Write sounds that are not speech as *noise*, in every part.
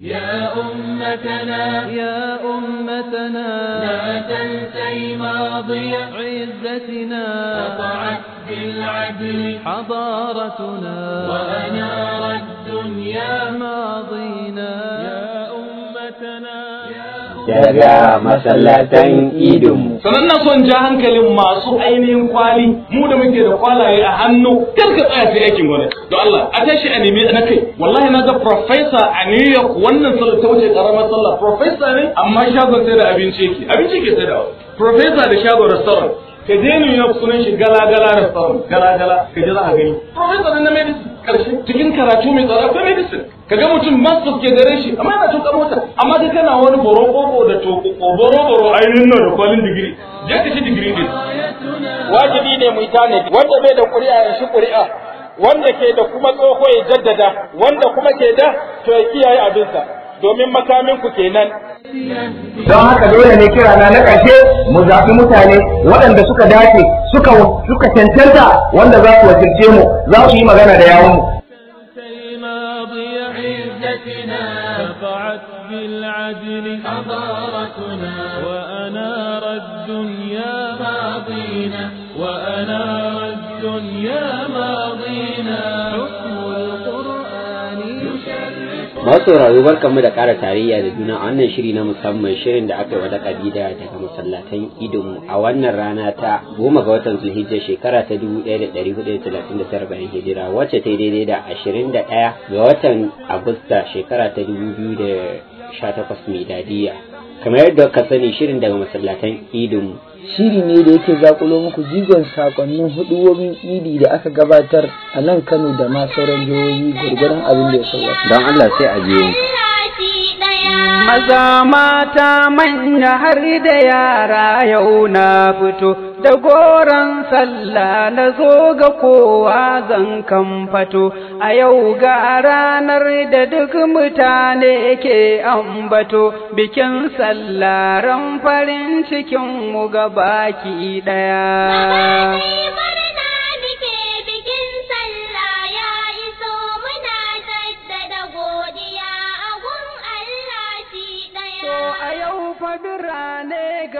يا أمتنا يا أمتنا لا تنسي ماضي عزتنا قطعت بالعدل حضارتنا وأنار الدنيا ماضية daga masallatan idonmu. Sannan na son ja hankalin masu ainihin kwali mu da muke da kwalaye a hannu kar ka tsaya sai aikin gwamnati. Don Allah a tashi a nemi na kai wallahi na ga profesa a New York wannan sallar ta wuce karamar sallah Profesa ne amma shagon sai da abinci yake abinci yake sai da Profesa da shagon restaurant ka je New York sunan shi gala gala restaurant gala gala ka je za a gani professor na medicine karshe cikin karatu mai tsada akwai medicine ga mutum masu ke gare shi amma yana tuka mota amma dai kana wani borokoko da tokoko boro ainihin nan da kwalin digiri je ka shi digiri ne. wajibi ne mu ne. wanda bai da ƙuri'a ya shi ƙuri'a wanda ke da kuma tsoho ya jaddada wanda kuma ke da to ya kiyaye abinsa domin makamin ku kenan don haka dole ne kira na na ƙarshe mu zafi mutane waɗanda suka dace suka suka cancanta wanda za su wakilce mu za su yi magana da yawon mu masu sauraro mu da ƙara tarayya da juna a wannan shiri na musamman shirin da aka yi wata kabida daga masallatan idonmu a wannan rana ta goma ga watan zulhijja shekara ta dubu ɗaya da ɗari hudu da talatin da tara bayan hijira wacce ta daidai da ashirin da ɗaya ga watan agusta shekara ta dubu biyu da sha takwas kamar yadda ka sani shirin daga masallatan idin shiri ne da yake zakulo muku jigon sakonnin huduwomin idi da aka gabatar a nan kano da ma sauran jihohi gwargwaron abin da ya sauwa don allah sai a biyo maza mata manya har da yara yau na fito da goron sallah na zo ga kowa zan kamfato a yau ga ranar da duk mutane ke ambato bikin sallaran farin cikin mu ga baki daya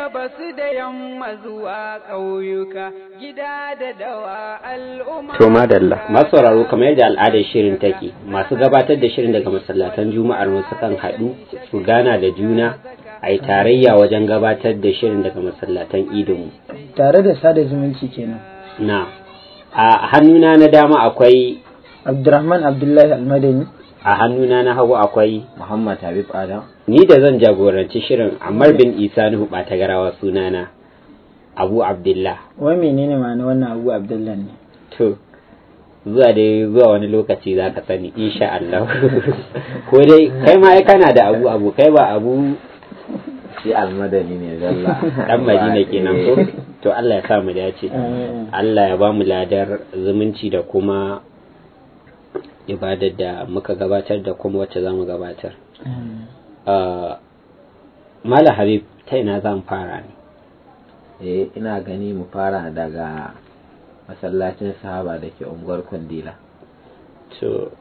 gabas da yamma zuwa ƙauyuka gida da dawa al'umma to madalla masu sauraro kamar yadda al'adar shirin take masu gabatar da shirin daga masallatan juma'ar wasu kan haɗu su gana da juna a yi tarayya wajen gabatar da shirin daga masallatan idonmu. tare da sada zumunci kenan na a hannuna na dama akwai abdurrahman abdullahi almadani a hannuna na hagu akwai muhammad habib adam ni da zan jagoranci shirin Ammar bin Isa Nuhu ta garawa sunana Abu Abdullah. Wai menene ma'ana wannan Abu Abdullah ne? To zuwa dai zuwa wani lokaci za ka sani insha Allah. *laughs* Ko dai kai ma ya kana da Abu Abu kai ba Abu shi almadani ne zalla. Dan Madina kenan ko? Eh. To Allah ya sa mu dace. Allah ya ba mu ladar zumunci da kuma ibadar da muka gabatar da kuma wacce za mu gabatar. mala habib ta ina zan fara ne eh ina gani mu fara daga masallacin sahaba da ke unguwar kundila to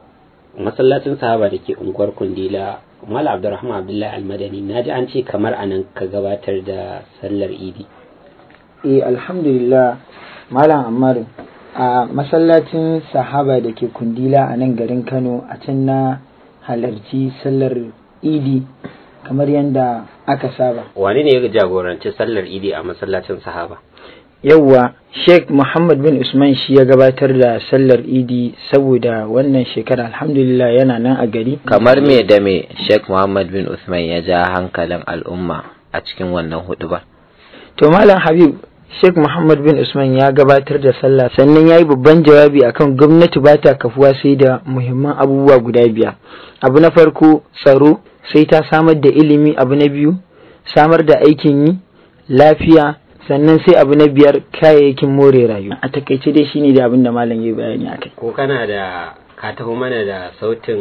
masallacin sahaba da ke unguwar kundila mala abdurrahman abdullahi almadani na ji an ce kamar anan ka gabatar da sallar idi eh alhamdulillah malam Ammar, a masallacin sahaba da ke kundila a nan garin kano a can na halarci sallar idi kamar yadda aka saba wani ne ya jagoranci sallar idi a masallacin sahaba Yawwa, sheikh muhammad bin usman shi ya gabatar da sallar idi saboda wannan shekara alhamdulillah yana nan a gari kamar me da me sheikh muhammad bin usman ya ja hankalin al'umma a cikin wannan hudu ba. to malam habib Sheikh Muhammad bin Usman ya gabatar da sallah sannan ya yi babban jawabi akan gwamnati ba ta kafuwa sai da muhimman abubuwa guda biyar. Abu na farko tsaro, sai ta samar da ilimi abu na biyu samar da aikin yi lafiya sannan sai abu na biyar kayayyakin more rayu. a takaice dai shine da abin da malam ya bayani akai ko kana da ka taho mana da sautin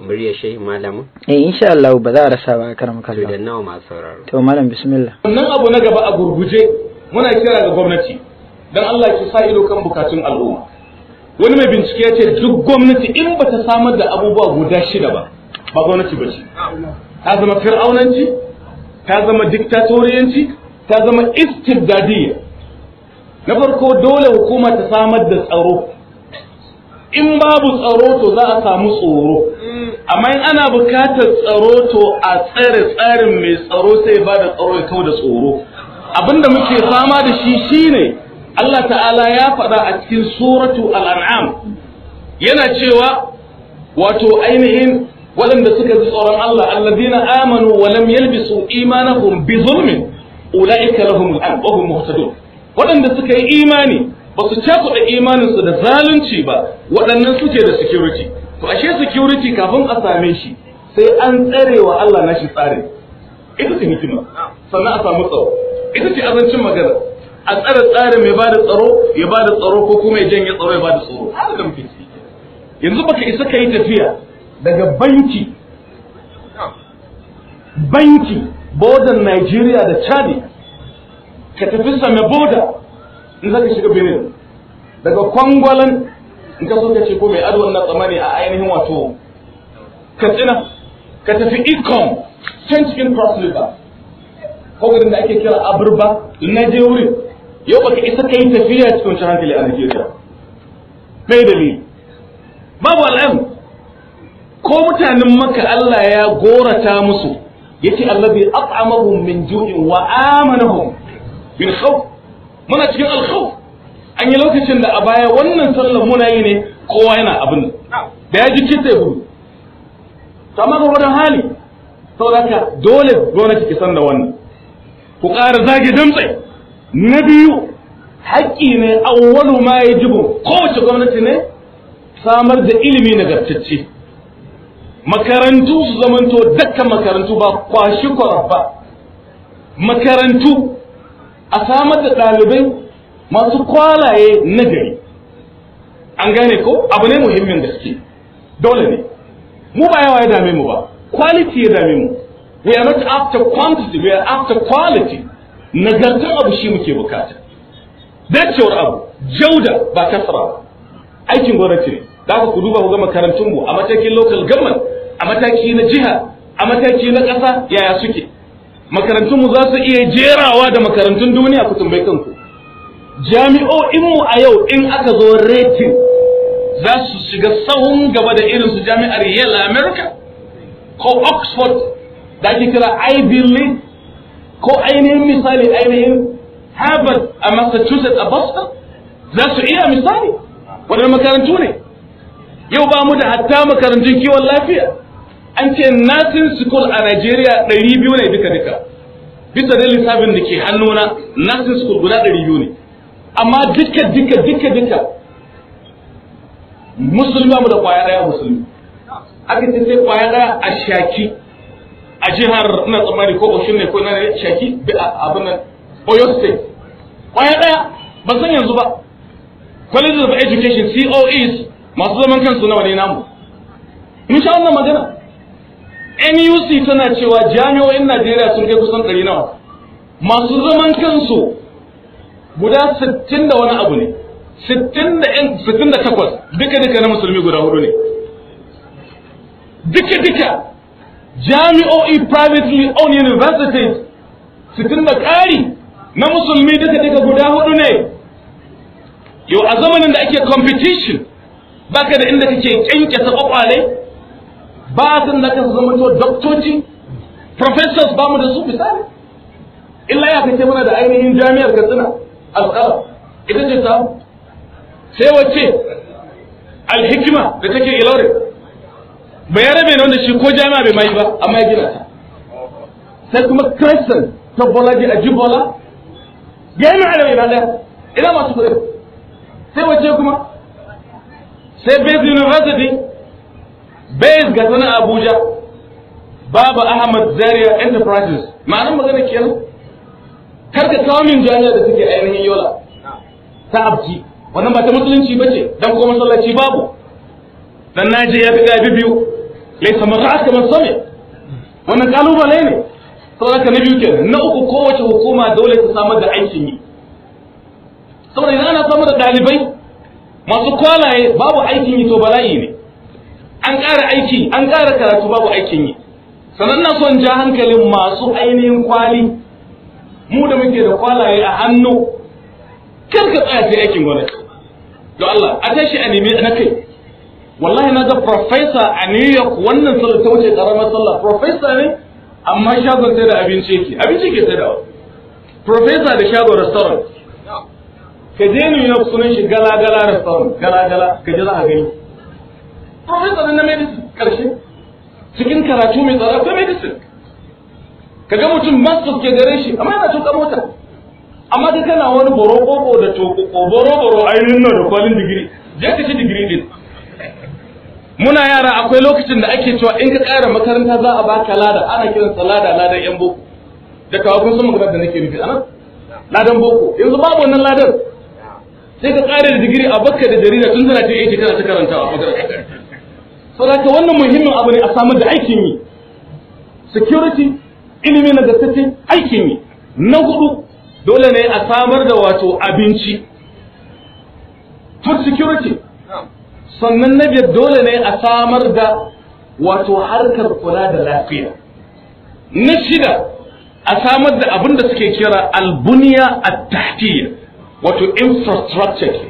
murya shehi malamin eh insha Allah ba za a rasa ba karam kallon to nawa ma sauraro to malam bismillah wannan abu na gaba a gurguje muna kira ga gwamnati dan Allah ki sa ido kan bukatun al'umma wani mai bincike ya ce duk gwamnati in bata samar da abubuwa guda shida ba ba gwamnati ba ce ta zama fir'aunanci ta zama diktatoriyanci ta zama istibdadiyya na farko dole hukuma ta samar da tsaro in babu tsaro to za a samu tsoro amma in ana bukatar tsaro to a tsare tsarin mai tsaro sai ba da tsaro ya kawo da tsoro abinda muke fama da shi shine Allah ta'ala ya faɗa a cikin suratu al an'am yana cewa wato ainihin waɗanda suka ji tsoron Allah alladina amanu wa lam yalbisu imanahum bi zulmin ulaika lahum al'an wa hum muhtadun waɗanda suka yi imani ba su cakuɗa imaninsu da zalunci ba waɗannan suke da security to ashe security kafin a same shi sai an tsare wa Allah nashi tsare ita ce hikima sannan a samu tsaro ita ce azancin magana a tsare tsare mai bada tsaro ya bada tsaro ko kuma ya janye tsaro ya bada tsaro har da mutunci yanzu baka isa kai tafiya daga banki banki border Nigeria da Chadi ka tafi same boda in zaka shiga Benin daga kwangwalan in ka so ka ce ko mai adwan na tsamani a ainihin wato Katsina ka tafi ikon can cikin Cross River ko garin da ake kira Aburba na je wurin yau baka isa kai tafiya cikin hankali a Nigeria bai dalili babu al'amu ko mutanen maka Allah ya gorata musu yace allazi at'amahum min ju'in wa amanahum bil khawf muna cikin alkhawf an yi lokacin da a baya wannan sallar muna yi ne kowa yana abin da ya ji kitse gudu amma ga wani hali saboda dole gwamnati ki san da wannan ku ƙara zage damtse na biyu haƙƙi ne awwalu ma yajibu kowace gwamnati ne samar da ilimi nagartacce makarantu su zamanto dukkan makarantu ba kwashi ba makarantu a samar da ɗalibai masu kwalaye nagari gari an gane ko abu ne muhimmin gaske dole ne mu ba yawa ya dame mu ba quality ya dame mu we are not after quantity we are after quality nagartar abu shi muke bukata dacewar abu jauda ba kasara aikin gwamnati ne da ku duba ku ga makarantun a matakin local government a mataki na jiha a mataki na ƙasa yaya suke Makarantunmu mu za su iya jerawa da makarantun duniya ku tambayi kanku Jami'o'inmu a yau in aka zo rating za su shiga sahun gaba da irin su jami'ar Yale America ko Oxford da ake kira Ivy League ko ainihin misali ainihin Harvard a Massachusetts a Boston za su iya misali wadannan makarantu ne yau ba mu da hatta makarantun kiwon lafiya an ce nursing school a Najeriya ɗari biyu ne duka duka bisa da lissafin da ke hannuna nursing school guda ɗari biyu ne amma duka duka duka duka musulmi mu da kwaya ɗaya musulmi aka ce sai kwaya ɗaya a shaki a jihar ina tsammani ko Oshun ne ko ina ne shaki abin nan Oyo State kwaya ɗaya ba san yanzu ba Colleges of Education COEs masu zaman kansu nawa ne namu mun sha wannan magana NUC tana cewa jami'o'in Najeriya sun kai kusan ɗari nawa masu zaman kansu guda sittin da wani abu ne sittin da takwas duka duka na musulmi guda hudu ne duka duka jami'o'i privately owned universities sittin da ƙari na musulmi duka duka guda hudu ne yau a zamanin da ake competition baka da inda kake kyankyasa kwakwale ba sun da ka zama to doktoci professors ba mu da su misali illa ya kace mana da ainihin jami'ar katsina alƙara ita ce ta sai wacce alhikima da take ilore bayarai bai wanda shi ko jami'a bai mai ba amma ya gina ta sai kuma crescent ta bolaji a ji jibola ya yi ma'ana mai na ɗaya ina masu kuɗi sai wace kuma sai Base University Base ga tana Abuja babu Ahmad Zaria Enterprises ma'anin magana kenan kar ka kawo min jami'a da suke ainihin Yola ta abji wannan ba ta musulunci bace don kuma masallaci babu dan naje ya fi gabi biyu laysa aska man sami wannan kalubale ne saboda na biyu kenan na uku kowace hukuma dole ta samar da aikin yi saboda idan ana samar da ɗalibai masu kwalaye babu aikin yi to bala'i ne an ƙara aiki an ƙara karatu babu aikin yi sannan na son ja hankalin masu ainihin kwali mu da muke da kwalaye a hannu kar ka tsaya sai aikin gwamnati to Allah a tashi a nemi na kai wallahi na ga professor a New York wannan sallar ta wuce karamar sallah professor ne amma shagon sai da abinci yake abinci ke sai da professor da shagon restaurant ka je New sunan shi gala gala tsawon gala gala ka je za a gani professor na medicine karshe cikin karatu mai tsara ta medicine ka ga mutum master ke gare shi amma yana tuka mota amma ta kana wani borokoko da tokoko boroboro ainihin na da kwalin digiri je ka ci digiri din muna yara akwai lokacin da ake cewa in ka ƙara makaranta za a baka lada ana kiran lada ladan yan boko da kawo kun san magana da nake nufi anan ladan boko yanzu babu wannan ladan sai ka tsara da digiri a bakka da jarida tun tana ta yake kana ta karantawa saboda wannan muhimmin abu ne a samar da aikin yi security ilimi na gaskace aikin yi na hudu dole ne a samar da wato abinci food security sannan na biyar dole ne a samar da wato harkar kula da lafiya na shida a samar da abin da suke kira albuniya a tahtiyya wato infrastructure ke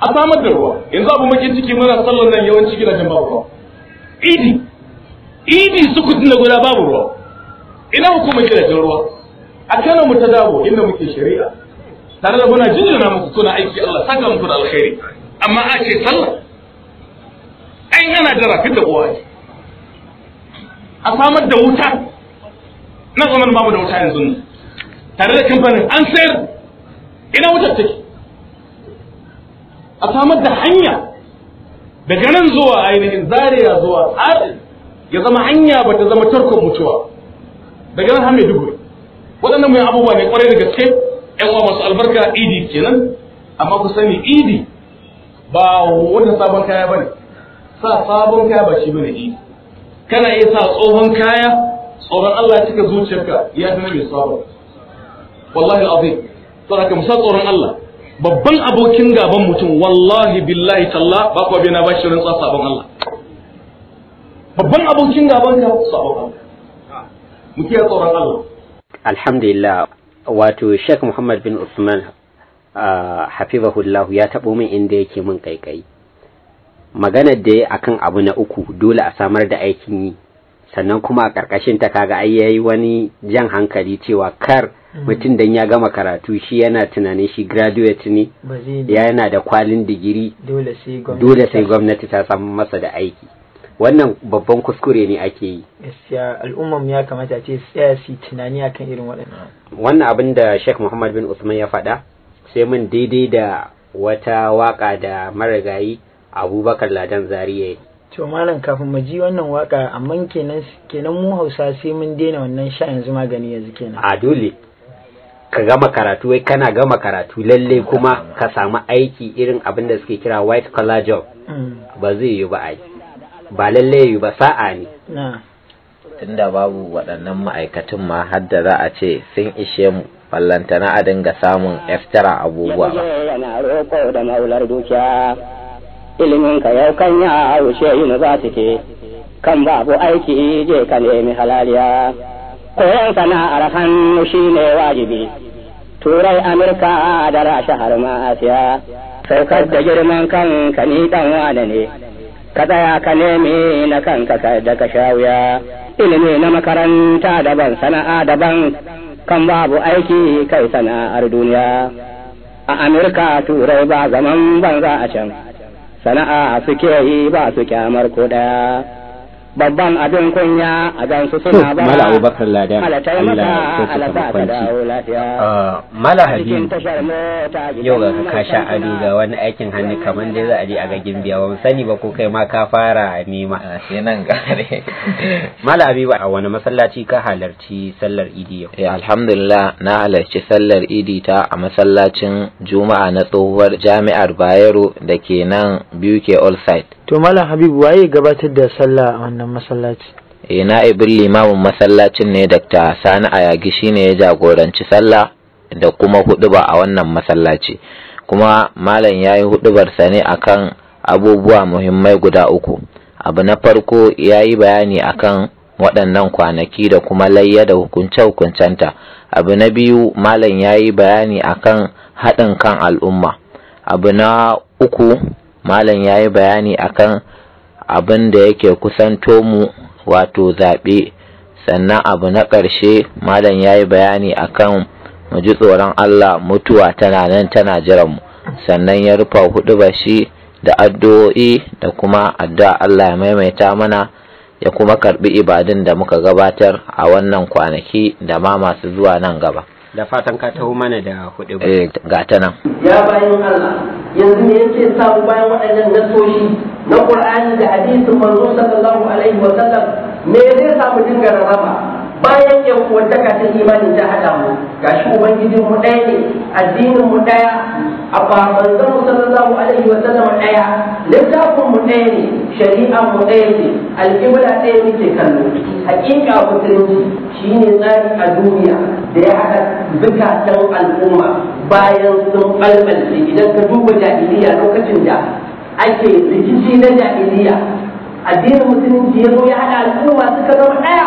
a samar da ruwa yanzu abu makin ciki muna sallar nan yawanci gidajen babu ruwa idi idi su kudin da guda babu ruwa ina hukumar gidajen ruwa a kana mu ta dabo inda muke shari'a tare da muna jinjina muku kuna aiki Allah saka muku da alkhairi amma a ce sallar. ai yana da rafin da kowa a samar da wuta na zaman babu da wuta yanzu tare da kamfanin an sayar ina wutar take a samar da hanya daga nan zuwa ainihin zariya zuwa adil ya zama hanya ba ta zama tarkon mutuwa daga nan har maiduguri waɗannan mai abubuwa ne kwarai da gaske yan uwa masu albarka idi kenan amma ku sani idi ba wata sabon kaya ne sa sabon kaya ba shi bane idi kana iya sa tsohon kaya tsoron Allah ya cika zuciyarka ya fi mai sabon wallahi alazim saboda musa tsoron Allah babban abokin gaban mutum wallahi billahi talla ba bai na ba shi rantsa sabon Allah babban abokin gaban ka sabon Allah muke tsoron Allah alhamdulillah wato Sheikh Muhammad bin Usman ah, hafizahullahu ya taɓo min inda yake min kaikai maganar da akan abu na uku dole a samar da aikin yi sannan kuma a ƙarƙashin ta kaga ai yayi wani jan hankali cewa kar Mm. mutum dan ya gama karatu shi yana tunanin shi graduate ne yana da kwalin digiri dole sai gwamnati ta samu masa da aiki wannan babban kuskure ne ake yi gaskiya al'ummar ya kamata ce tsaya su tunani akan irin waɗannan wannan abin da Sheikh Muhammad bin Usman ya faɗa sai mun daidai da wata waka da marigayi Abubakar Ladan Zariya to malam kafin mu ji wannan waka amma kenan kenan mu Hausa sai mun daina wannan sha yanzu magani yanzu kenan a dole ka gama karatu wai kana gama karatu lalle kuma ka samu aiki irin abin da suke kira white collar job mm. ba zai yi ba ai ba lalle yi ba sa'a ne tunda babu waɗannan ma'aikatun ma har da za a ce sun ishe mu na a dinga samun extra abubuwa ba da ilimin ka yau kan ya wuce university kan babu aiki je ka nemi halaliya koyon sana'ar hannu shine wajibi turai amurka da shahar ma asiya saukar da girman kanka ni dan wane ne ka tsaya ka nemi na kanka ka da ka sha ilimi na makaranta daban sana'a daban kan babu aiki kai sana'ar duniya a amurka turai ba zaman banza a can sana'a suke yi ba su kyamar ko daya babban abin kunya a gansu suna ba mala abubakar ladan Allah ko maka Allah ka dawo ah, mala habibu yau ga ka sha ado ga wani aikin hannu kamar dai za a je a ga gimbiya ba sani ba ko kai ma ka fara nema ah, sai nan gare *laughs* mala habibu a wani masallaci ka halarci sallar idi yau eh alhamdulillah na halarci sallar idi ta a masallacin juma'a na tsohuwar jami'ar bayero da ke nan buke all side to Mallam habibu waye gabatar da sallah a wannan masallaci eh na'ibin limamin masallacin ne dr sani ayagi shine ya jagoranci sallah da kuma huduba a wannan masallaci kuma malam ya yi hudubarsa ne akan abubuwa muhimmai guda uku abu na farko ya yi bayani akan waɗannan kwanaki da kuma layya da hukunce-hukuncenta abu na biyu malam ya yi bayani akan haɗin kan al'umma abu na uku malam ya yi bayani akan abin da yake kusanto mu wato zaɓe sannan abu na ƙarshe malam ya yi bayani akan mu ji tsoron allah mutuwa tana nan tana jiran mu sannan ya rufa hudu bashi da addu'o'i da kuma addu'a allah ya maimaita mana ya kuma karɓi ibadin da muka gabatar a wannan kwanaki da ma masu zuwa nan gaba da fatan ka taho mana da kuɗi ba. Eh, ga ta nan ya bayan Allah yanzu ne yake sa bayan waɗannan nasoshi na Qur'ani da hadisi manzo sallallahu alaihi wa sallam me zai sa mu dinga rarraba? bayan yan ka ta imanin ta hada mu shi ubangijin mu ɗaya ne addinin mu ɗaya a ba manzo sallallahu alaihi wa sallam ɗaya littafin mu ɗaya ne shari'a mu ɗaya ce alƙibla ɗaya muke kallo haƙiƙa musulunci shine tsari a duniya da ya haɗa zukatan al'umma bayan sun ɓalɓalce idan ka duba jahiliya lokacin da ake rikici na jahiliya addinin musulunci ya zo ya haɗa al'umma suka zama ɗaya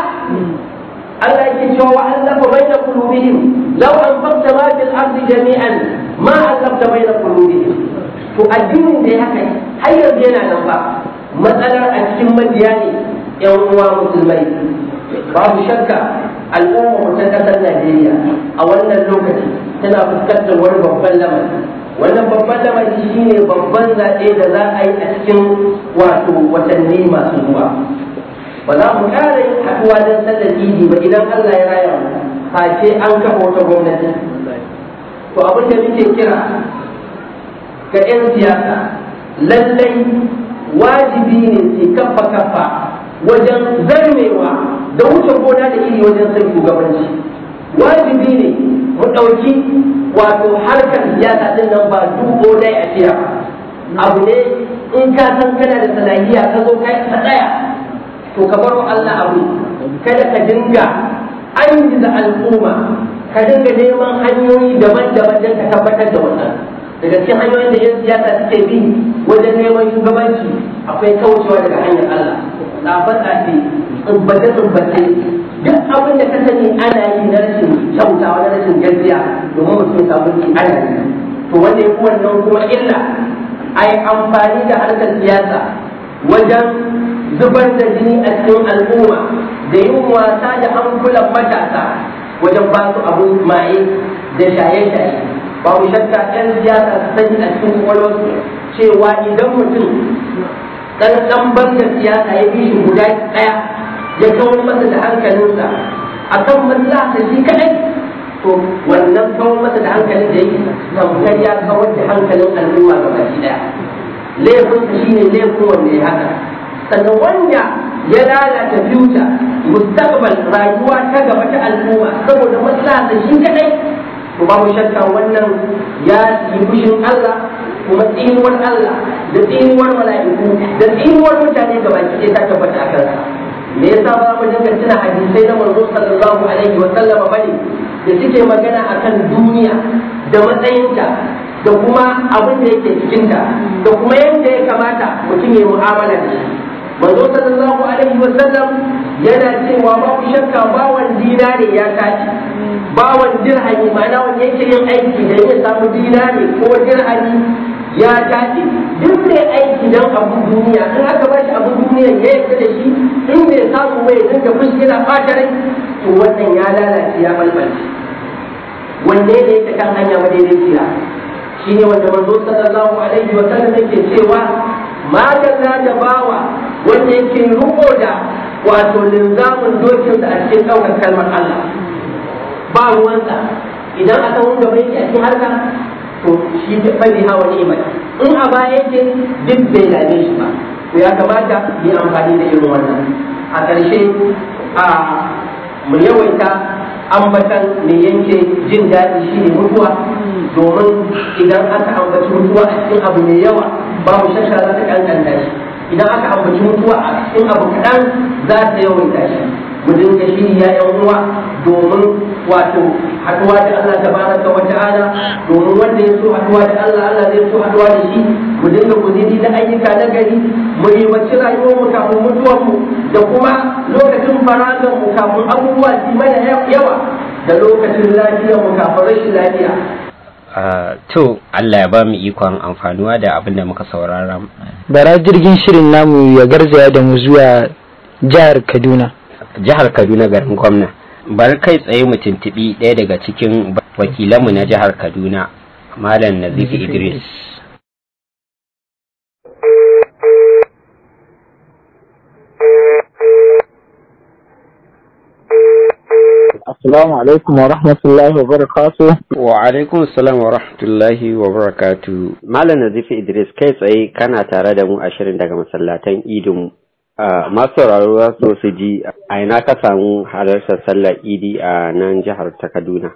Allah yake cewa wa allafa baina qulubihim law anfaqta ma fil ardi jami'an ma allafta baina qulubihim to addinin da ya haka har yanzu yana nan ba matsalar a cikin mabiya ne yan uwa musulmai babu shakka al'umma ta kasar najeriya a wannan lokaci tana fuskantar wani babban lamari wannan babban shi ne babban zaɓe da za a yi a cikin wato watanni masu zuwa ba za mu ƙara yin haɗuwa don sallar idi ba idan allah ya raya mu face an kafa wata gwamnati to abin da muke kira ga 'yan siyasa lallai wajibi ne su kafa kafa wajen zarmewa da wuce gona da iri wajen san shugabanci wajibi ne mu ɗauki wato harkar siyasa ɗin nan ba dubo dai a fiya abu ne in ka san kana da sanahiya ka zo kai ka tsaya to ka baro Allah abu kada ka dinga an al'umma ka dinga neman hanyoyi daban-daban don ka tabbatar da wannan daga cikin hanyoyin da 'yan siyasa suke bi wajen neman shugabanci akwai kaucewa daga hanyar Allah tsafe-tsafe tsubbace-tsubbace duk abin da ka sani ana yi na rashin kyautawa na rashin gaskiya domin mutum ya samu ki ana yi to wanda ya wannan kuma illa a yi amfani da harkar siyasa wajen zubar da jini a cikin al'umma da yin wasa da hankulan matasa wajen ba su abin maye da shaye-shaye babu shakka ɗan siyasa sani a cikin kwakwalwarsu cewa idan mutum ɗan ɗan banda siyasa ya bi shi guda ɗaya ya kawo masa da hankalinsa akan maslaha shi kaɗai to wannan kawo masa da hankalin da yake tamkar ya kawar da hankalin al'umma ga baki ɗaya laifinsa shine laifin wanda ya haka sannan wanda ya lalata fiuta mustaqbal rayuwa ta gaba ta al'umma saboda maslaha shi kaɗai ba mu shakka wannan ya yi kushin Allah kuma tsinuwar Allah da tsinuwar mala'iku da tsinuwar mutane ga baki ta tabbata a sa me yasa ba mu dinga tuna hadisai na manzo sallallahu alaihi wa sallama bane da suke magana akan duniya da matsayinta da kuma abin da yake cikinta da kuma yadda ya kamata mutum ya mu'amala da shi manzo sallallahu alaihi wa sallam yana cewa babu shakka bawan ne ya kaci bawan dirhami ma'ana wani yake yin aiki da ya samu dinari ko dirhami ya kaci duk mai aiki don abin duniya in aka ba shi abin duniya ya yarda da shi in bai samu bai dinga fushi yana fata to wannan ya lalace ya balbalce wanne ne ta kan hanya madaidaiciya shi ne wanda manzo sallallahu alaihi wa sallam yake cewa ma da bawa wanda yake rubo da wato linzamin dokin a cikin ɗaukar kalmar Allah ba ruwansa idan aka wani gaba yake a harka to shi ta fadi hawa ni'imar in a baya yake duk bai dame shi ba to ya kamata yi amfani da irin wannan a ƙarshe a mu yawaita ambatan mai yanke jin daɗi shi ne mutuwa domin idan aka ambaci mutuwa a cikin abu mai yawa babu shashara za ta ƙanƙanta shi idan aka ambaci mutuwa a cikin abu kaɗan za ta yawaita shi mu dinga shiri ya yi ruwa domin wato haɗuwa da Allah Ta ta wa ana domin wanda ya so haduwa da Allah Allah zai so haduwa da shi mu dinga kuziri na ayyuka na gari mu wacce rayuwar mu kafin mutuwar mu da kuma lokacin faragar mu kafin abubuwa su mana yawa da lokacin lafiyar mu kafin rashin lafiya Ah, to Allah ya ba mu ikon amfanuwa da abin da muka saurara bara jirgin shirin namu ya garzaya da mu zuwa jihar Kaduna jihar Kaduna garin gwamna bar kai tsaye mu tuntuɓi ɗaya daga cikin wakilanmu na jihar Kaduna Malam Nazifi Idris السلام عليكم ورحمة الله وبركاته وعليكم السلام ورحمة الله وبركاته مالا نزيف إدريس كيف أي كان تارد مو أشرين دقا masu rarruwa so su ji a ina ka samu halartar sallar idi a nan jihar ta kaduna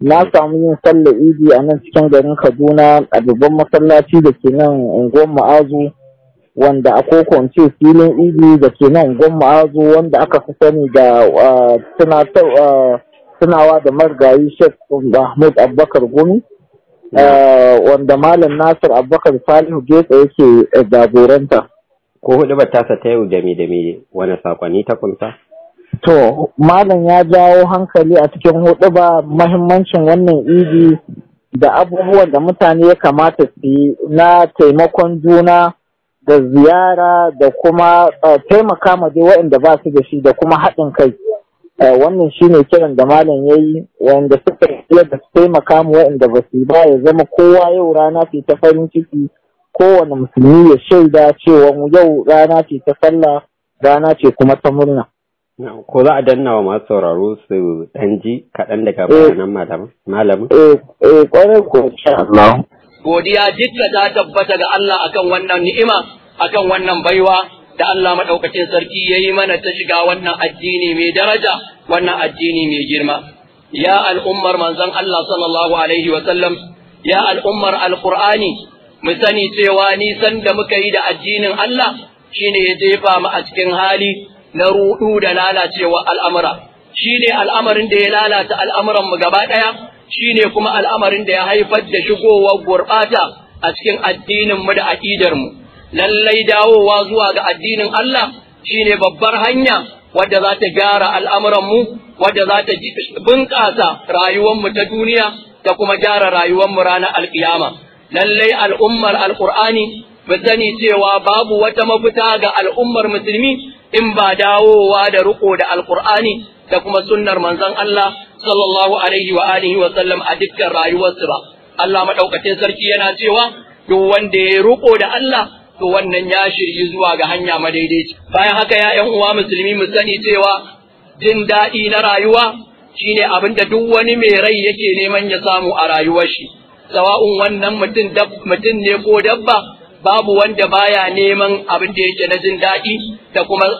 na samu yin sallar idi a nan cikin garin kaduna a babban masallaci da ke nan unguwar ma'azu wanda a kokon ce filin idi da ke nan gwamma azu wanda aka fi sani da tunawa da margayi shek mahmud abubakar gumi wanda malam nasir abubakar salihu getsa yake jagoranta ko hudu ba tasa ta yau dami dami wani sakonni ta kunta to malam ya jawo hankali a cikin hudu ba mahimmancin wannan idi da abubuwan da mutane ya kamata su yi na taimakon juna da ziyara da kuma uh, taimaka ma dai waɗanda ba su da shi da kuma haɗin kai uh, wannan shi ne kiran da malam ya yi wanda suka iya da taimaka ma waɗanda ba su ba ya zama kowa yau rana ce ta farin ciki kowane musulmi ya shaida cewa yau rana ce ta sallah rana ce kuma ta murna. Ko za a danna wa masu sauraro su ɗan ji kaɗan daga bayanan malamin? Eh, eh, eh, ƙwarai ko, Allah. godiya dukka ta tabbata ga Allah akan wannan ni'ima akan wannan baiwa da Allah maɗaukacin sarki ya yi mana ta shiga wannan addini mai daraja, wannan addini mai girma. Ya al'ummar manzon Allah sallallahu Alaihi Sallam, ya al'ummar Al'ur'ani, mu sani cewa nisan da muka yi da addinin Allah shi ne ya jefa mu a cikin hali na ruɗu da lalacewa al'amura. Shi ne al'amarin da ya lalata al'amuranmu gaba ɗaya, shine kuma al'amarin da ya haifar da shigowar gurɓata a cikin addinin mu da aqidar mu lallai dawowa zuwa ga addinin Allah shine babbar hanya wadda za ta gyara al'amuranmu, wadda za ta bunƙasa rayuwar mu ta duniya da kuma gyara rayuwar mu ranar alƙiyama lallai al'ummar alƙur'ani mu sani cewa babu wata mafita ga al'ummar musulmi in ba dawowa da riƙo da alƙur'ani da kuma sunnar manzon Allah sallallahu alaihi wa alihi wa sallam a dukkan rayuwarsu ba Allah madaukakin sarki yana cewa duk wanda ya ruko da Allah to wannan ya shirye zuwa ga hanya madaidaici bayan haka ya ƴan uwa musulmi mu sani cewa jin daɗi na rayuwa shine abin da duk wani mai rai yake neman ya samu a rayuwar shi sawa'un wannan mutum mutum ne ko dabba babu wanda baya neman abin da yake na jin daɗi da kuma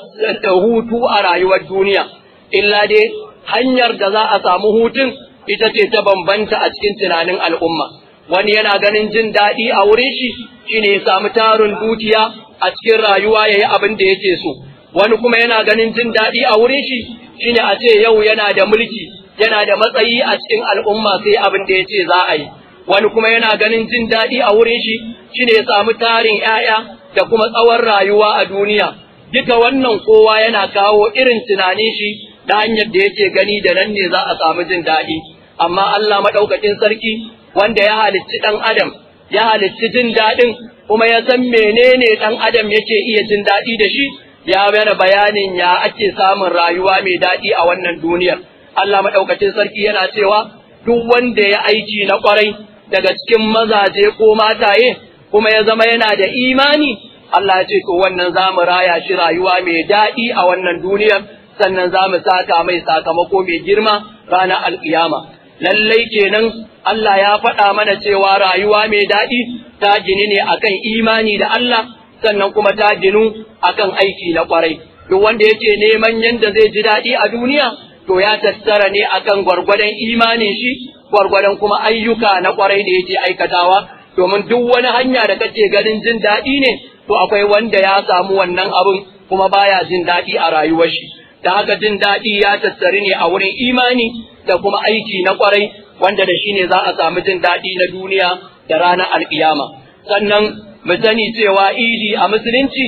hutu a rayuwar duniya illa dai hanyar da za a samu hutun ita ce ta bambanta a cikin tunanin al'umma wani yana ganin jin daɗi a wurin shi shine ya samu tarin dukiya a cikin rayuwa ya yi abin da yake so wani kuma yana ganin jin daɗi a wurin shi shine a ce yau yana da mulki yana da matsayi a cikin al'umma sai abin da yake za a yi wani kuma yana ganin jin daɗi a wurin shi shine ya samu tarin 'ya'ya da kuma tsawon rayuwa a duniya duka wannan kowa yana kawo irin tunanin shi ta hanyar da yake gani da nan ne za a samu jin daɗi amma Allah maɗaukakin sarki wanda ya halicci ɗan adam ya halicci jin daɗin kuma ya san menene ɗan adam yake iya jin daɗi da shi ya mana bayanin ya ake samun rayuwa mai daɗi a wannan duniyar Allah maɗaukacin sarki yana cewa duk wanda ya aiki na ƙwarai daga cikin mazaje ko mataye kuma ya zama yana da imani Allah ya ce to wannan za mu raya shi rayuwa mai daɗi a wannan duniyar sannan za mu saka mai sakamako mai girma ranar alkiyama lallai kenan Allah ya faɗa mana cewa rayuwa mai daɗi ta gini ne akan imani da Allah sannan kuma ta ginu akan aiki na kwarai duk wanda yake neman yanda zai ji daɗi a duniya to ya tattara ne akan gwargwadon imanin shi gwargwadon kuma ayyuka na kwarai da yake aikatawa domin duk wani hanya da kake ganin jin daɗi ne to akwai wanda ya samu wannan abun kuma baya jin daɗi a rayuwar shi da haka jin daɗi ya tattari ne a wurin imani da kuma aiki na kwarai wanda da shi ne za a samu jin daɗi na duniya da ranar alƙiyama sannan mu sani cewa idi a musulunci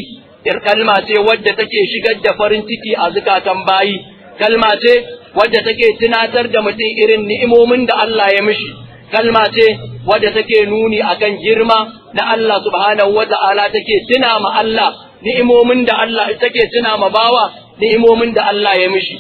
kalma ce wadda take shigar da farin ciki a zukatan bayi kalma ce wadda take tunatar da mutum irin ni'imomin da Allah ya mishi kalma ce wadda take nuni akan girma na Allah subhanahu wa ta'ala take tuna ma Allah ni'imomin da Allah take tuna ma bawa ni'imomin da Allah ya mishi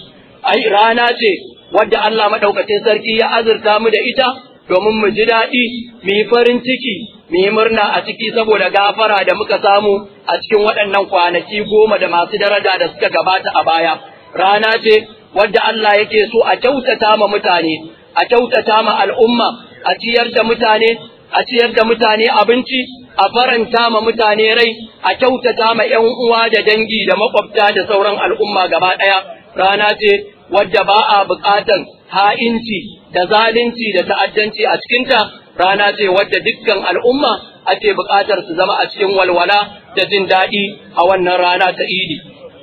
ai rana ce wadda Allah madaukakin sarki ya azurta mu da ita domin mu ji daɗi mu yi farin ciki mu yi murna a ciki saboda gafara da muka samu a cikin waɗannan kwanaki goma da masu daraja da suka gabata a baya rana ce wadda Allah yake so a kyautata ma mutane a kyautata ma al'umma a ciyar da mutane a ciyar da mutane abinci a faranta ma mutane rai a kyautata ma 'yan uwa da dangi da makwabta da sauran al'umma gaba ɗaya rana ce wadda ba a buƙatan ha'inci da zalunci da ta'addanci a cikinta rana ce wadda dukkan al'umma ake buƙatar su zama a cikin walwala da jin daɗi a wannan rana ta idi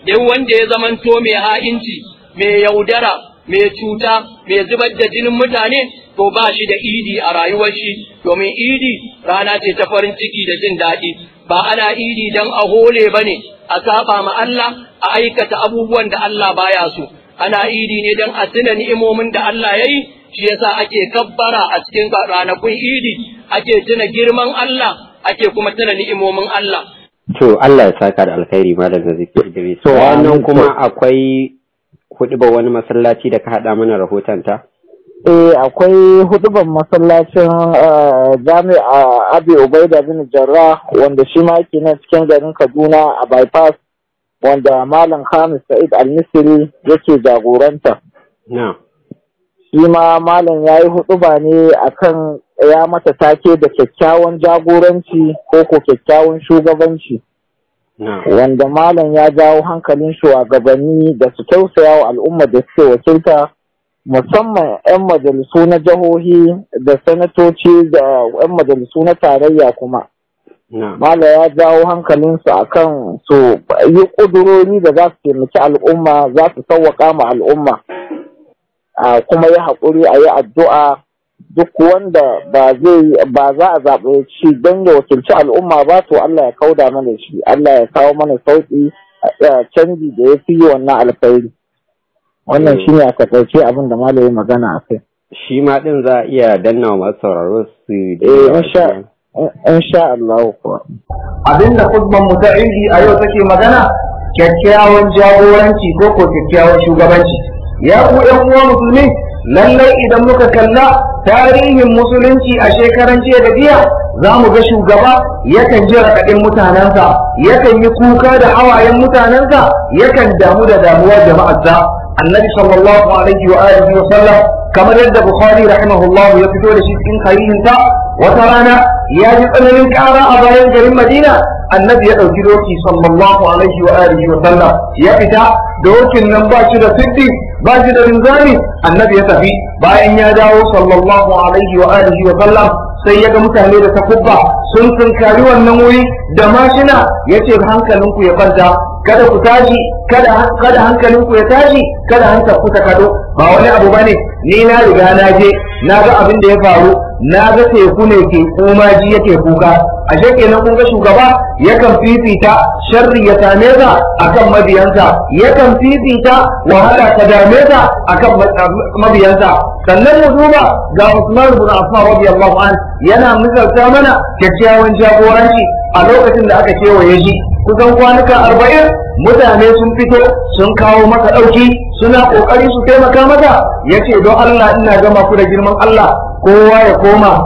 duk wanda ya zamanto mai ha'inci mai yaudara mai cuta mai zubar da jinin mutane to ba shi da idi a rayuwar shi domin idi rana ce ta farin ciki da jin daɗi ba ana idi don a hole ba ne a saba ma Allah a aikata abubuwan da Allah baya su. ana idi ne don a tuna ni'imomin da Allah ya yi shi yasa ake kabbara a cikin ranakun idi ake tuna girman Allah ake kuma tuna ni'imomin Allah to Allah ya saka da alkhairi malam Zazi So, wannan kuma akwai hudubar wani masallaci da ka haɗa mana rahoton ta? Eh akwai hudubar masallacin eh, jami'a Abi Ubaida bin Jarra wanda shi ma yake nan cikin garin Kaduna a bypass wanda Malam Khamis Sa'id Al-Misri yake jagoranta. Shi ma Malam ya yi huduba ne akan ya mata take da kyakkyawan jagoranci ko ko kyakkyawan shugabanci. wanda malam ya jawo hankalin shugabanni da su tausaya wa al'umma da suke wakilta musamman 'yan majalisu na jihohi da sanatoci da 'yan majalisu na tarayya kuma. Malam ya jawo hankalinsu a kan su yi ƙudurori da za su taimaki al'umma za su sauwaƙa ma al'umma kuma yi haƙuri a yi addu'a duk wanda ba za a zaɓe shi don ya wakilci al'umma ba to Allah ya kauda mana shi Allah ya kawo mana sauƙi canji da ya fi wannan alfairi wannan eh. shi ne a kasance abin da malam ya magana a kai shi ma ɗin za a iya danna masu sauraro su eh, sha Allah kuwa abinda khutban mu ta indi a yau take magana kyakkyawan jagoranci ko ko kyakkyawan shugabanci ya ku ƴan uwa musulmi lallai idan muka kalla tarihin musulunci a shekaran jiya da jiya za mu ga shugaba yakan ji raɗaɗin mutanensa yakan yi kuka da hawayen mutanensa yakan damu da damuwar jama'arsa annabi sallallahu alaihi wa alihi wa sallam kamar yadda bukhari rahimahullahu ya fito da shi cikin sahihinta wata rana ya ji tsananin ƙara a bayan garin madina annabi ya ɗauki doki sallallahu alaihi wa alihi wa sallam ya fita dokin nan ba shi da siddi ba shi da rinzani annabi ya tafi bayan ya dawo sallallahu alaihi wa alihi wa sallam sai ya ga mutane da kubba sun tunkari wannan wuri da mashina ya ce hankalinku ya kwanta kada ku tashi kada kada hankalin ku ya tashi kada hankal ku ta kado ba wani abu bane ni na riga na je na ga abin da ya faru na ga teku ne ke kuma, ji yake kuka a kenan kun ga shugaba yakan fifita sharri ya same ka akan mabiyansa yakan fifita wahala ta dame ka akan mabiyansa sannan mu duba ga Usman ibn Affan radiyallahu an yana misalta mana kyakkyawan jagoranci a lokacin da aka kewaye shi kusan kwanuka arba'in mutane sun fito sun kawo masa ɗauki suna ƙoƙari su taimaka masa ya ce don Allah ina gama ku da girman Allah kowa ya koma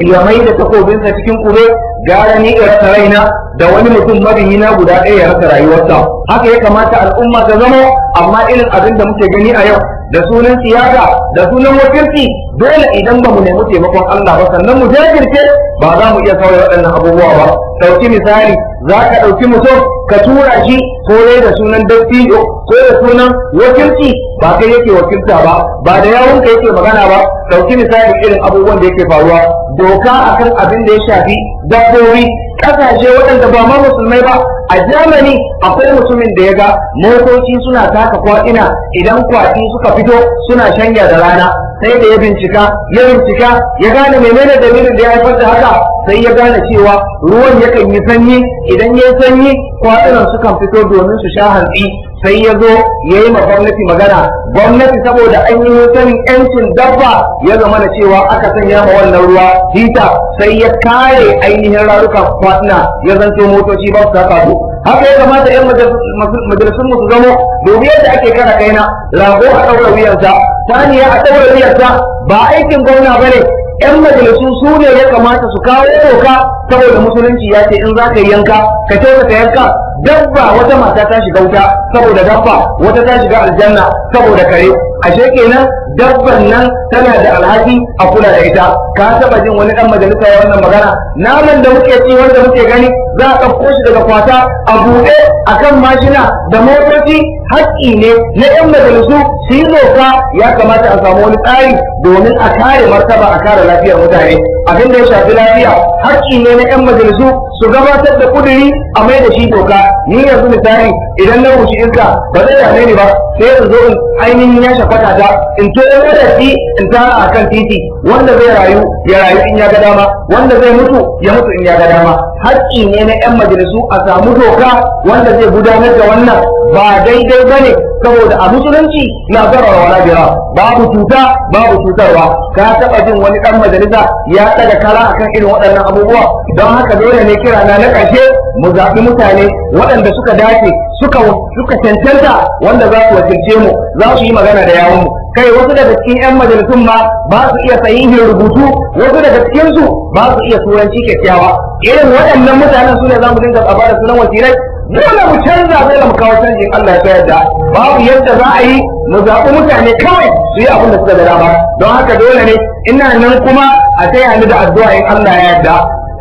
ya mai da takobinsa cikin kure gara ni rasa raina da wani mutum mabiyi na guda ɗaya ya rasa rayuwarsa haka ya kamata al'umma ta zama amma irin abin da muke gani a yau da sunan siyasa da sunan wakilci dole idan ba mu nemi taimakon Allah ba sannan mu jajirce ba za mu iya sauya waɗannan abubuwa ba ɗauki misali za ka ɗauki mutum ka tura shi ko dai da sunan dattijo ko da sunan wakilci ba kai yake wakilta ba ba da yawun ka yake magana ba ɗauki misali irin abubuwan da yake faruwa doka akan abin da ya shafi dabbobi glory kasashe waɗanda ba ma musulmai ba a Germany akwai mutumin da ya ga motoci suna taka kwaɗina idan kwaki suka fito suna shanya da rana sai da ya bincika ya bincika ya gane menene dalilin da ya haifar da haka sai ya gane cewa ruwan yakan yi sanyi idan ya yi sanyi kwaɗinan sukan fito domin su sha hantsi sai ya zo ya yi ma gwamnati magana gwamnati saboda an yi sanin yancin dabba ya zama da cewa aka sanya ma wannan ruwa hita sai ya kare ainihin rarukan fatina ya zanto motoci ba su taka su haka ya kamata yan majalisun su zamo domin yadda ake kana kaina rago a ɗaura wuyarsa saniya a ɗaura wuyarsa ba aikin gwamna ba ne yan majalisu su ne ya kamata su kawo doka saboda musulunci ya ce in za ka yanka ka kyautata yanka dabba wata mata ta shiga wuta saboda dabba wata ta shiga aljanna saboda kare ashe kenan dabban nan tana da alhaki a kula da ita ka taba jin wani dan majalisa ya wannan magana naman da muke ci wanda muke gani za a ɗauko shi daga kwata a buɗe a kan mashina da motoci haƙƙi ne na 'yan majalisu su yi doka ya kamata a samu wani tsari domin a kare martaba a kare lafiyar mutane abin da ya shafi lafiya haƙƙi ne na 'yan majalisu su gabatar da kuduri a mai da shi doka ni yanzu misali idan na wuce iska ba zai dame ni ba sai yanzu zo in ainihin ya shafata ta in to da shi in ta a titi wanda zai rayu ya rayu in ya ga dama wanda zai mutu ya mutu in ya ga dama haƙƙi ne na 'yan majalisu a samu doka wanda zai gudanar da wannan ba daidai ba ne saboda a musulunci na zarara wa rabira babu cuta babu cutarwa ka taɓa jin wani ɗan majalisa ya tsaga kara akan irin waɗannan abubuwa don haka dole ne kira na na ƙarshe mu zaɓi mutane waɗanda suka dace suka suka cancanta wanda za su wakilce mu za su yi magana da yawun mu kai wasu daga cikin yan majalisun ma ba su iya sahihin rubutu wasu daga cikin su ba su iya turanci kyakkyawa irin waɗannan mutanen su ne za mu dinga tsaba da sunan wakilai dole mu canza dole mu kawo canjin Allah ya yarda babu yadda za a yi mu zaɓi mutane kawai su yi abin da suka gada dama don haka dole ne ina nan kuma a taya ni da addu'a in Allah ya yarda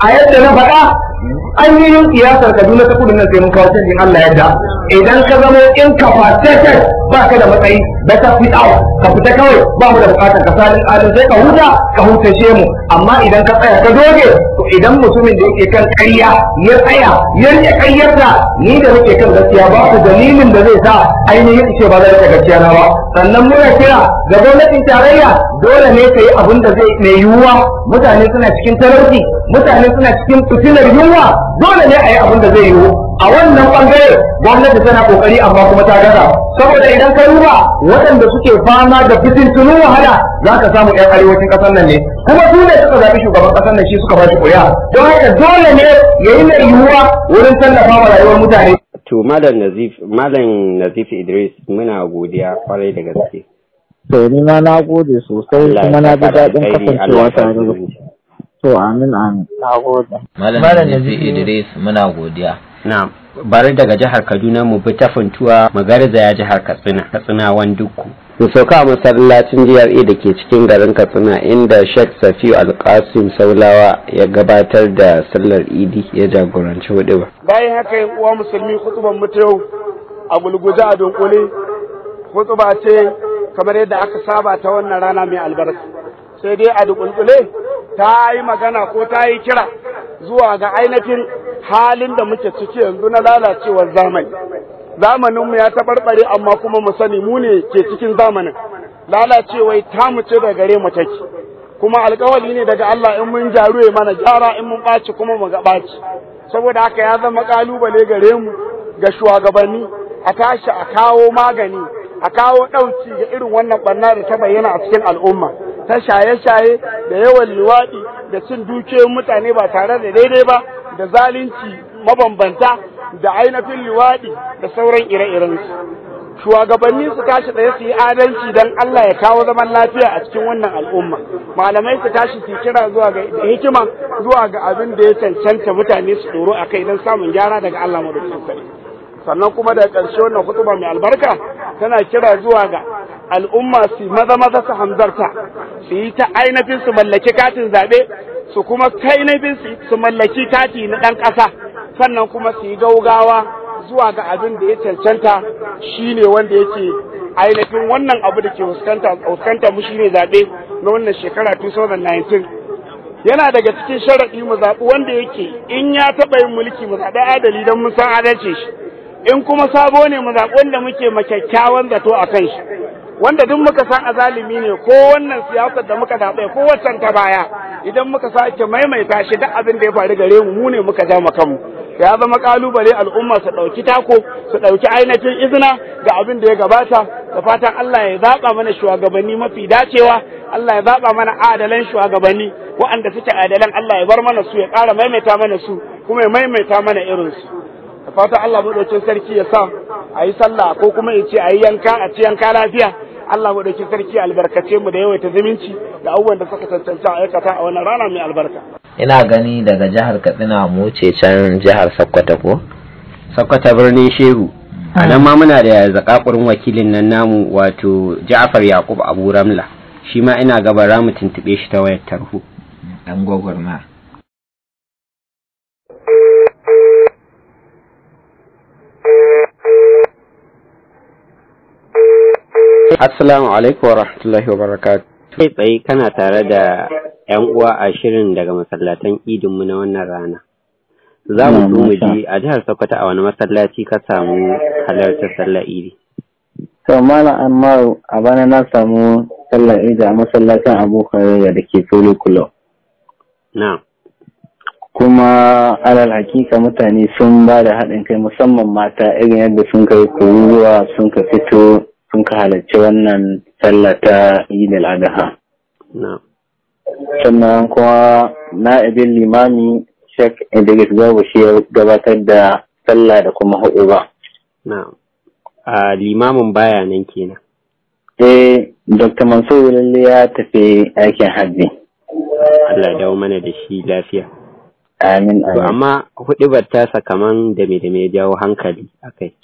a yadda na faɗa an yi yin siyasar kaduna ta kudu nan sai mun kawo canjin Allah da idan ka zama in ka fatetet ba ka da matsayi da ka fi out ka fita kawai ba mu da bukatar ka salin alin sai ka huta ka hutashe mu amma idan ka tsaya ka doge to idan mutumin da yake kan ƙarya ya tsaya ya rike ƙaryarsa ni da nake kan gaskiya ba ku dalilin da zai sa ainihin ce ba za ka gaskiya na ba sannan muna kira ga gwamnatin tarayya dole ne ka yi abin da zai mai yiwuwa mutane suna cikin talauci mutane suna cikin fitilar yunwa kuma dole ne a yi abin da zai yiwu a wannan bangare gwamnati tana kokari amma kuma ta gaza saboda idan ka duba waɗanda suke fama da fitin tunu wahala za ka samu ɗan arewacin ƙasar nan ne kuma su ne suka zaɓi shugaban ƙasar nan shi suka ba shi ƙuri'a don haka dole ne ya yi mai yiwuwa wurin tallafa wa rayuwar mutane. to malam nazif malam nazif idris muna godiya kwarai da gaske. to ni ma na gode sosai kuma na bi daɗin kasancewa tare da ku. To amin amin. Na gode. Malam Idris muna godiya. Na'am. Bari daga jihar Kaduna mu bi ta funtuwa mu jihar Katsina, Katsina Dukku. Mu sauka a masallacin GRA e da ke cikin garin Katsina inda Sheikh Safiyu Alkasim Saulawa ya gabatar da sallar Idi ya jagoranci hudu Bayan haka yin uwa musulmi kutuban mu a gulguje a dunkule kutuba ce kamar yadda aka saba ta wannan rana mai albarka. Sai dai a dukunkule ta yi magana ko ta yi kira zuwa ga ainihin halin da muke ciki yanzu na lalacewar zamani zamaninmu ya taɓarɓare amma kuma mu sani mu ne ke cikin zamanin lalacewai mu ce da gare mu take kuma alkawali ne daga Allah in mun jaruwe mana gyara in mun ɓaci kuma mu ga ɓaci saboda haka ya zama ƙalubale gare mu ga shugabanni a tashi a kawo magani a kawo ɗauki ga irin wannan ɓarna da ta bayyana a cikin al'umma ta shaye-shaye da yawan luwaɗi da cin dukiyoyin mutane ba tare da daidai ba da zalunci mabambanta da ainihin luwaɗi da sauran ire-irensu. Shugabanni su tashi tsaye su yi adalci don Allah ya kawo zaman lafiya a cikin wannan al'umma. Malamai su tashi su kira zuwa ga hikima zuwa ga abin da ya cancanta mutane su tsoro a kai don samun gyara daga Allah madaukakin sarki. sannan kuma da ƙarshe wannan hutuba mai albarka tana kira zuwa ga al'umma su maza maza su hamzarta su yi ta ainihin su mallaki katin zaɓe su kuma kainafin su mallaki kati na ɗan ƙasa sannan kuma su yi gaugawa zuwa ga abin da ya cancanta shine wanda yake ainihin wannan abu da ke fuskanta mu shine zaɓe na wannan shekara 2019 yana daga cikin sharaɗi mu zaɓi wanda yake in ya taɓa yin mulki mu zaɓi adali don mun san adalce shi in kuma sabo ne mu zaɓi wanda muke makyakkyawan zato a kan shi wanda duk muka san azalimi ne ko wannan siyasar da muka zaɓe ko waccan ta baya idan muka sake maimaita shi duk abin da ya faru gare mu mu ne muka ja kanmu ya zama kalubale al'umma su ɗauki tako su ɗauki ainihin izina ga abin da ya gabata da fatan Allah ya zaɓa mana shugabanni mafi dacewa Allah ya zaɓa mana adalan shugabanni waɗanda suke adalan Allah ya bar mana su ya ƙara maimaita mana su kuma ya maimaita mana irinsu. fata Allah madaukin sarki ya sa a yi sallah ko kuma ya ce a yi yanka a ci yanka lafiya Allah madaukin sarki albarkace mu da yawaita zumunci da abubuwan da suka cancanta a aikata a wannan rana mai albarka ina gani daga jihar Katsina mu ce can jihar Sokoto ko Sokoto birnin Shehu a nan ma muna da zakakurin wakilin nan namu wato ja'afar Yakub Abu Ramla shi ma ina gaba ramu tuntube shi ta wayar tarho dan Assalamu alaikum wa rahmatullahi wa barakatuh. Kai tsaye kana tare da ƴan uwa a shirin daga masallatan idinmu na wannan rana. Za mu zo mu ji a jihar Sokoto a wani masallaci ka samu halartar sallar idi. To Malam Ammaru a bana na samu sallar idi a masallacin abokan da ke Solo Kulo. Na. kuma alal hakika mutane sun ba da haɗin kai musamman mata irin yadda sun kai kururuwa sun ka fito sun ka halarci wannan sallah ta idil adha sannan kuma na'ibin limami shek idris babu shi ya gabatar da sallah da kuma hudu ba A limamin baya nan kenan eh dr mansur lalle ya tafi aikin hajji Allah ya dawo mana da shi lafiya amin amma hudu tasa kaman da me da me jawo hankali akai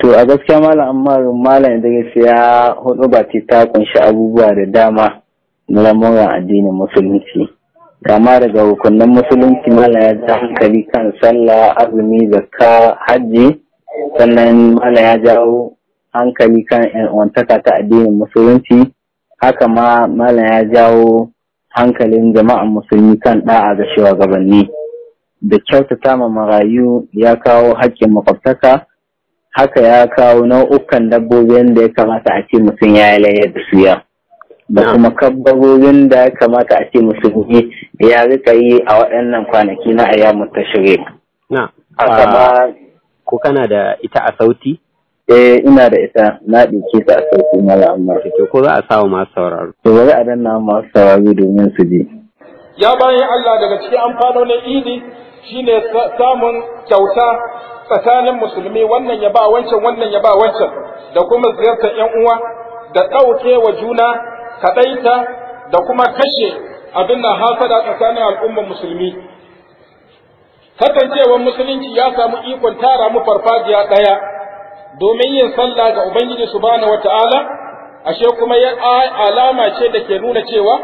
To a gaskiya Malam Ammar Malam ya gaskiya hudu ba ta ta kunshi abubuwa da dama na lamuran addinin musulunci. Kama daga hukunan musulunci Malam ya ja hankali kan sallah, azumi, ka hajji, sannan Malam ya jawo hankali kan wantaka ta addinin musulunci. Haka ma Malam ya jawo hankalin jama'an musulmi kan da'a ga shugabanni. Da kyautata ma marayu ya kawo haƙƙin makwabtaka. haka ya kawo nau'ukan dabbobin da ya kamata a ce mutum ya laye da su ya da kuma kabbabobin da ya kamata a ce mutum ya rika yi a waɗannan kwanaki na ayyamun shirin. na ba ah, ko kana da ita a sauti eh ina da ita na ɗauke ta a sauti na la'amma to ko za a sawa masu sauraro to bari a danna masu sauraro domin su ji ya bayan Allah daga cikin amfanonin idi shine samun kyauta tsakanin musulmi wannan ya ba wancan wannan ya ba wancan da kuma ziyartar 'yan uwa da ɗauke wa juna kaɗaita da kuma kashe abin da hasada tsakanin al'ummar musulmi kasancewar musulunci ya samu ikon tara mu farfajiya ɗaya domin yin sallah ga ubangiji subhanahu wata'ala ashe kuma ya alama ce da ke nuna cewa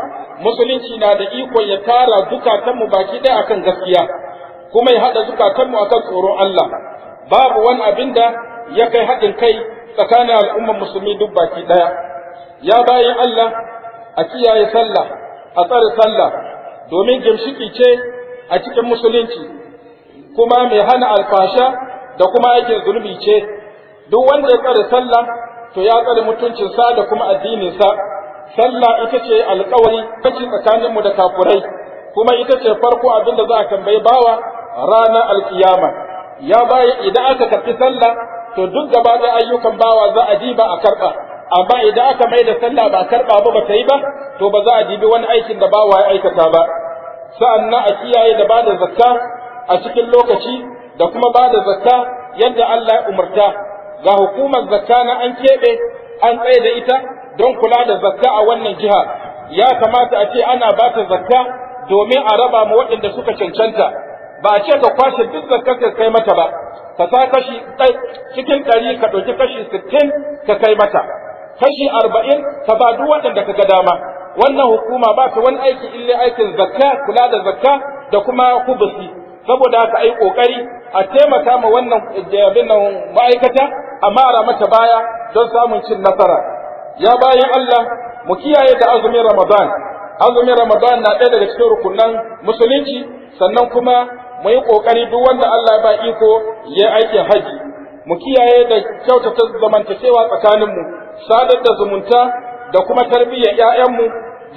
musulunci na da ikon ya tara zukatanmu baki ɗaya akan gaskiya kuma ya haɗa zukatanmu akan tsoron Allah babu wani abin da ya kai haɗin kai tsakanin al'ummar musulmi duk baki ɗaya ya bayan Allah a kiyaye sallah a tsare sallah domin gimshiki ce a cikin musulunci kuma mai hana alfasha da kuma aikin zunubi ce duk wanda ya tsare sallah to ya tsare mutuncinsa da kuma addininsa sallah ita ce alkawari kaci tsakaninmu da kafurai kuma ita ce farko abin da za a tambayi bawa ranar alkiyama ya baya idan aka karɓi sallah to duk gaba da ayyukan bawa za a diba a karɓa amma idan aka mai da sallah ba karɓa ba ba ta yi ba to ba za a dibi wani aikin da bawa ya aikata ba sa'annan a kiyaye da ba da zakka a cikin lokaci da kuma ba da zakka yadda Allah ya umarta ga hukumar zakka na an keɓe an tsaye da ita don kula da zakka a wannan jiha ya kamata a ce ana ba ta zakka domin a raba mu waɗanda suka cancanta ba a ce ka kwashe duk zakar ka kai mata ba ka sa kashi cikin ɗari ka ɗauki kashi sittin ka kai mata kashi arba'in ka ba duk waɗanda ka ga dama wannan hukuma ba ta wani aiki illa aikin zakka kula da zakka da kuma kubusi saboda haka ai kokari a taimaka ma wannan jabin eh, nan ma'aikata a mara mata baya don samun cin nasara ya bayan Allah mu kiyaye da azumin Ramadan azumin Ramadan na ɗaya daga cikin rukunan musulunci sannan kuma mu yi kokari duk wanda Allah ba iko ya aikin haji mu kiyaye da kyautata zamantakewa tsakanin mu sadar da zumunta da kuma tarbiyyar 'ya'yanmu,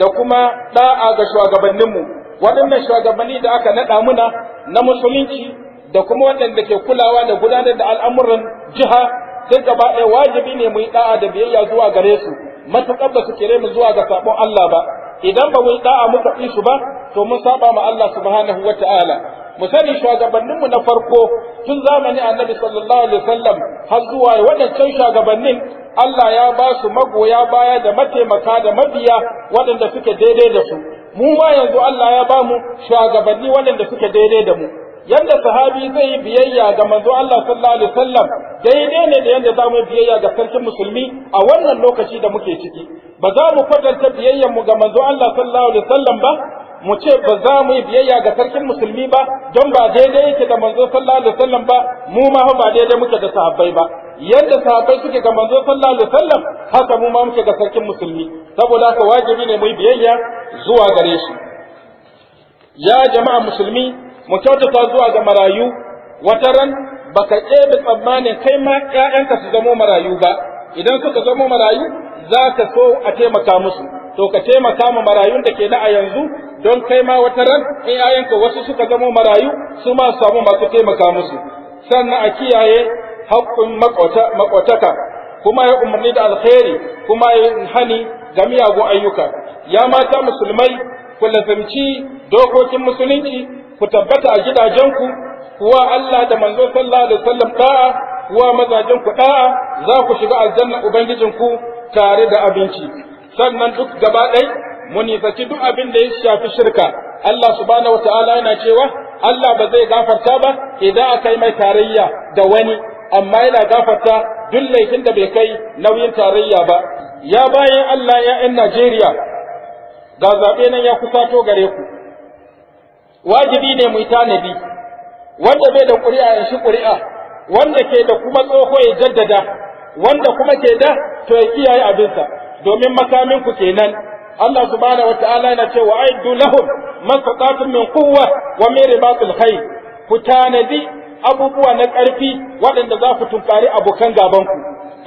da kuma ɗa'a ga shugabanninmu. mu waɗannan shugabanni da aka naɗa muna na musulunci da kuma waɗanda ke kulawa da gudanar da al'amuran jiha sai gaba ɗaya wajibi ne mu yi da'a da biyayya zuwa gare su matuƙar da suke kere mu zuwa ga sabon Allah ba idan ba mu yi da'a muka su ba to mun saba ma Allah subhanahu wa ta'ala mu sani shugabanninmu na farko tun zamani annabi sallallahu alaihi wasallam har zuwa waɗancan shugabannin Allah ya ba su magoya baya da mataimaka da mabiya waɗanda suke daidai da su mu ma yanzu Allah ya ba mu shugabanni waɗanda suke daidai da mu yanda sahabi zai yi biyayya ga manzo Allah sallallahu alaihi wasallam daidai ne da yanda zamu biyayya ga sarkin musulmi a wannan lokaci da muke ciki ba za mu kwatanta biyayyar mu ga manzo Allah sallallahu alaihi wasallam ba mu ce ba za mu yi biyayya ga sarkin musulmi ba don ba daidai yake da manzo sallallahu alaihi wasallam ba mu ma ba daidai muke da sahabbai ba yadda sahabbai suke ga manzo sallallahu alaihi wasallam haka mu ma muke ga sarkin musulmi saboda haka wajibi ne mu yi biyayya zuwa gare shi ya jama'a musulmi mu kyautata zuwa ga marayu wata wataran baka ɗebe tsammanin kai ma ƴaƴanka su zamo marayu ba idan suka zamo marayu za ka so a taimaka musu to ka taimaka ma marayun da ke na a yanzu don kai ma wata ran in ayanka wasu suka zamo marayu su ma samu masu taimaka musu sannan a kiyaye haƙƙin maƙwataka kuma ya umarni da alkhairi kuma ya hani ga miyagun ayyuka ya mata musulmai ku lazimci dokokin musulunci ku tabbata a gidajenku kuwa Allah da manzo sallallahu da wasallam da'a kuwa mazajenku da'a za ku shiga aljanna ubangijinku tare da abinci sannan duk gaba ɗaya mu nisaci duk abin da ya shafi shirka Allah subhanahu wataala yana cewa Allah ba zai gafarta ba idan akai mai tarayya da wani amma yana gafarta duk laifin da bai kai nauyin tarayya ba ya bayan Allah ya'yan Najeriya ga zaɓe nan ya kusato gare ku wajibi ne mu yi tanadi wanda bai da ƙuri'a ya shi ƙuri'a wanda ke da kuma tsoho ya jaddada wanda kuma ke da to ya kiyaye abinsa domin makamin ku kenan Allah subhanahu wataala yana cewa aiddu lahum mastata'tum min quwwa wa min ribatil khayr ku tanadi abubuwa na ƙarfi waɗanda za ku tunkari abokan gabanku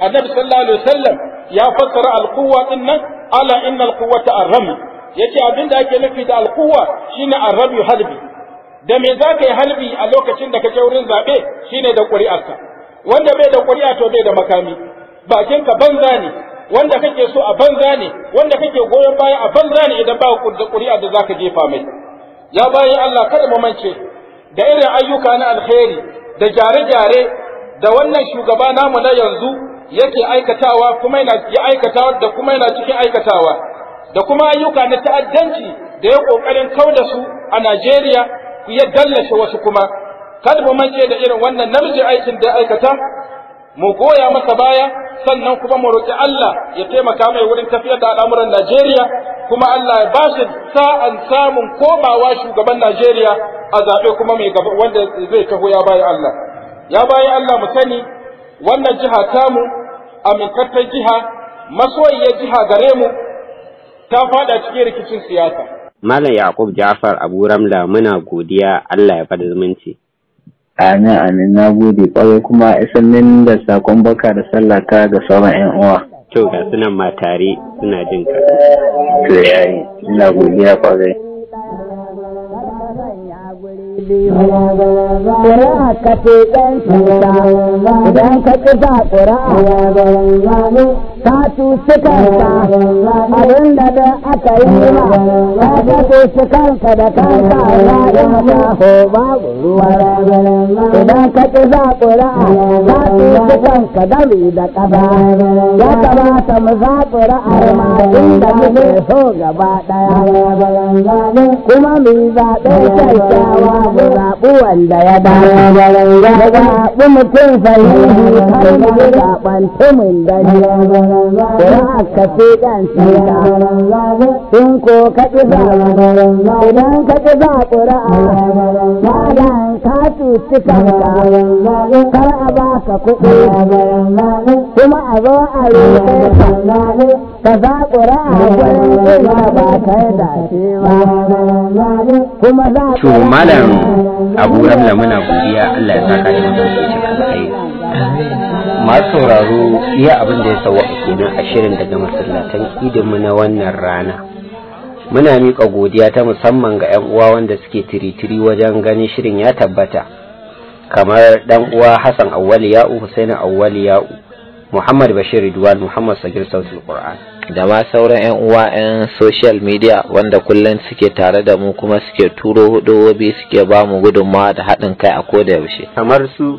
annabi sallallahu alaihi wasallam ya fassara alquwwa din nan ala innal quwwata arrami yace abinda ake nufi da alquwwa shine arrami halbi da me za ka yi halbi a lokacin da kake wurin zaɓe shine da ƙuri'arka wanda bai da ƙuri'a to bai da makami bakinka banza ne wanda kake so a banza ne wanda kake goyon baya a banza ne idan ba da ƙuri'a da zaka jefa mai ya bayan Allah kada mu mance da irin ayyuka na alheri da gyare-gyare da wannan shugaba namu na yanzu yake aikatawa kuma yana ya aikatawa da kuma yana cikin aikatawa da kuma ayyuka na ta'addanci da ya kokarin kauda su a Najeriya ya dallashe wasu kuma kada mu mance da irin wannan namiji aikin da aikata mu goya masa baya sannan kuma mu roƙi Allah ya taimaka mai wurin tafiyar da al'amuran Najeriya kuma Allah ya bashi sa'an samun komawa shugaban Najeriya a zaɓe kuma mai gaba wanda zai taho ya bayi Allah ya bayi Allah mu sani wannan jiha tamu amintattar jiha masoyiyar jiha gare mu ta faɗa cikin rikicin siyasa Malam Yakub Jafar Abu Ramla muna godiya Allah ya fada zumunci. Amin amin na gode kwarai kuma nan da sakon baka da sallaka ga sauran 'yan uwa. To ga sunan ma tare suna jin ka. To yayi ina godiya kwarai. ƙura'a ka fi ɗan cuta idan ka ƙi ba ƙura'a ka cuci kanka abin da da aka yi ma ka ka cuci kanka da kanka ya ya ba babu ruwa idan ka ƙi ba ƙura'a tutukan ka dami da ƙaba ya kamata mu zaɓi ra'ar ma inda muke so gaba ɗaya kuma mu yi zaɓen kyakkyawa mu zaɓi wanda ya dace mu zaɓi mutum sahihi kan mu zaɓan tumin gani ka ce ɗan sita in ko ka ƙi idan ka ƙi zaɓi ma ka cuci kanka kar a baka kuɗi kuma a zo a rufe ka ka zaƙura a gurin inda ba kai da shi ba kuma za ka malam abu ramla muna godiya Allah ya saka ni da shi kai masu sauraro iya abin da ya sauwa kenan a shirin daga masallatan idinmu na wannan rana muna miƙa godiya ta musamman ga 'yan uwa wanda suke tiritiri wajen ganin shirin ya tabbata kamar dan uwa hassan awwali ya'u husaini awwali ya'u muhammad bashir ridwan muhammad sagir sautul qur'an da ma sauran 'yan uwa 'yan social media wanda kullum suke tare da mu kuma suke turo hudowobi suke ba mu gudunmawa da haɗin kai a koda yaushe kamar su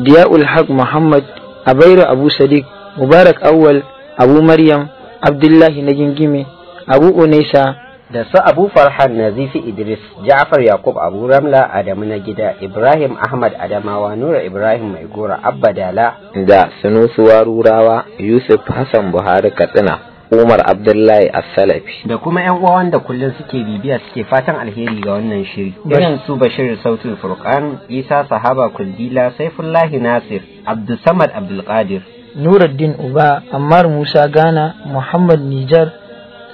diya'ul haq muhammad abairu abu sadiq mubarak awwal abu maryam abdullahi na gingime abu unaisa da su abu farhan nazifi idris ja'far yakub abu ramla adamu na gida ibrahim ahmad adamawa nura ibrahim mai gora abba dala da sunusu rurawa yusuf hassan buhari katsina Umar Abdullahi Assalafi. Da kuma 'yan uwa wanda kullum suke bibiya suke fatan alheri ga wannan shiri. Irin su Bashir Sautin Furqan, Isa Sahaba Kundila, Saifullahi Nasir, Abdulsamad Abdulkadir. Nuruddin Uba, Ammar Musa Gana, Muhammad Nijar,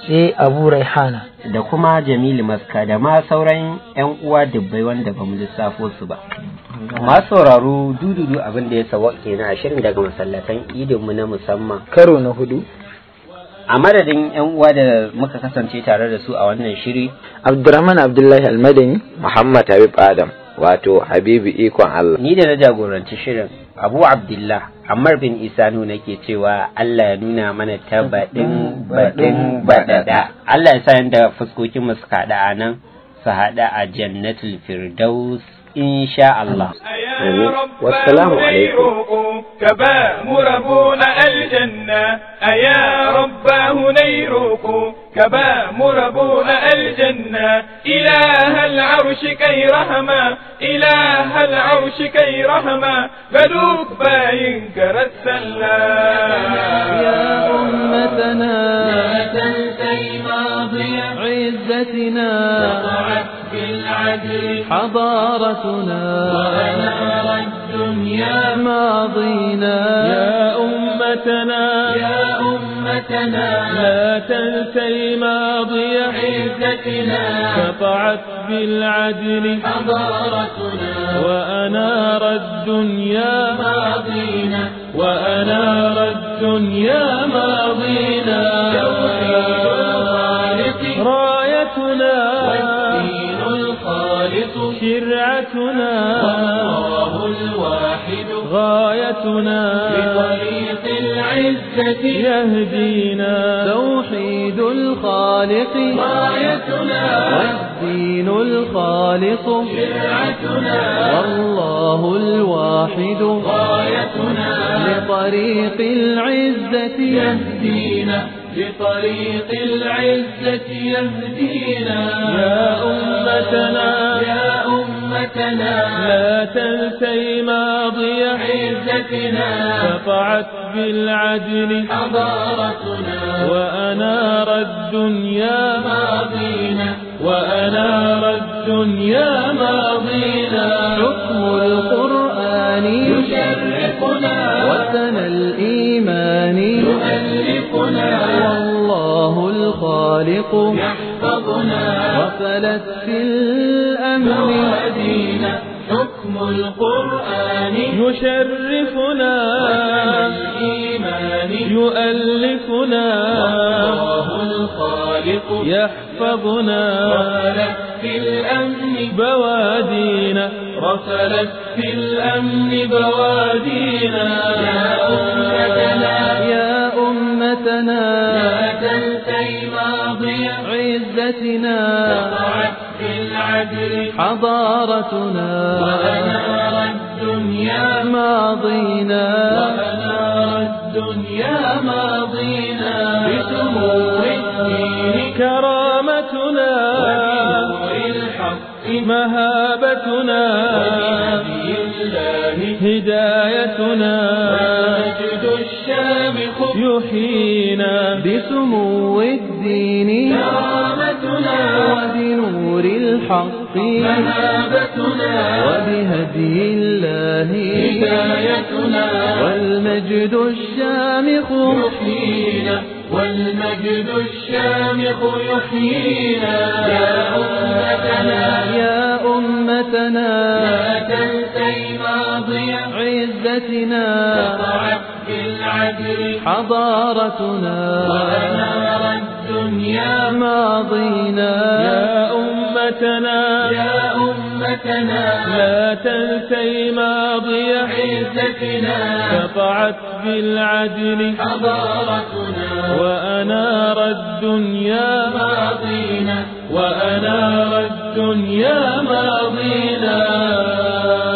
sai abu raihana da kuma jamilu maska da ma sauran yan uwa dubbai wanda ba mu lissafo su ba ma sauraro dududu abin da ya sawa kenan a shirin daga masallatan mu na musamman karo na hudu a madadin yan uwa da muka kasance tare da su a wannan shiri abdurrahman abdullahi almadani muhammad habib adam wato habibu ikon allah ni da na jagoranci shirin abu abdullah ammar bin isanu nake cewa Allah ya nuna mana ta badin badada Allah ya sa da fuskokin mu suka haɗa a su hada a jannatul firdaus insha Allah assalamu alaikum كبا مربون الجنة أيا رباه نيروك كبا ربوء الجنة إله العرش كي رحمة إله العرش كي رحمة بلوك باين السلام يا أمتنا لا تنسي ماضي عزتنا وقعت بالعدل حضارتنا وأنار الدنيا ماضينا يا أمتنا يا عزتنا لا تنسى الماضي عزتنا شفعت بالعدل حضارتنا وأنار الدنيا ماضينا وأنار الدنيا ماضينا الخالق رايتنا والدين الخالق شرعتنا والله الواحد غايتنا بطريق يهدينا توحيد الخالق غايتنا والدين الخالص شرعتنا والله الواحد غايتنا لطريق العزة يهدينا لطريق العزة يهدينا يا أمتنا يا عزتنا لا تنسي ماضي عزتنا شفعت بالعدل حضارتنا وأنار الدنيا ماضينا وأنار الدنيا ماضينا حكم القرآن يشرقنا وثنى الإيمان يؤلفنا والله الخالق يحب حفظنا وصلت في الأمر ودينا حكم القرآن يشرفنا الإيمان يؤلفنا الله الخالق يحفظنا وصلت في الأمن بوادينا رسلت في الأمن بوادينا يا أمتنا يا أمتنا لا تلتيما عزتنا وقعت بالعدل حضارتنا وأنار الدنيا ماضينا وأنار الدنيا ماضينا بسمو الدين كرامتنا وبنور الحق مهابتنا هدايتنا ومجد الشامخ يحيينا بسمو الدين الحق مهابتنا وبهدي الله هدايتنا والمجد الشامخ يحيينا والمجد الشامخ يحيينا يا أمتنا يا أمتنا لا تنسي ماضي عزتنا وقعت بالعدل حضارتنا وأنار الدنيا ماضينا يا أمتنا يا أمتنا لا تنسي ماضي عزتنا شفعت بالعدل حضارتنا وأنار الدنيا ماضينا وأنارت الدنيا ماضينا